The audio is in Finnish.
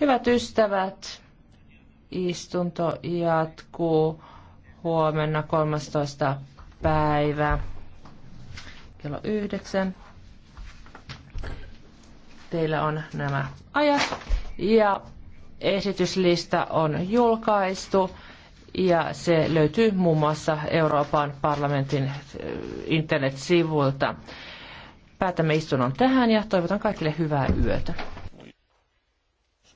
Hyvät ystävät, istunto jatkuu huomenna 13. päivä kello 9. Teillä on nämä ajat ja esityslista on julkaistu ja se löytyy muun muassa Euroopan parlamentin eh, internetsivuilta. Päätämme istunnon tähän ja toivotan kaikille hyvää yötä.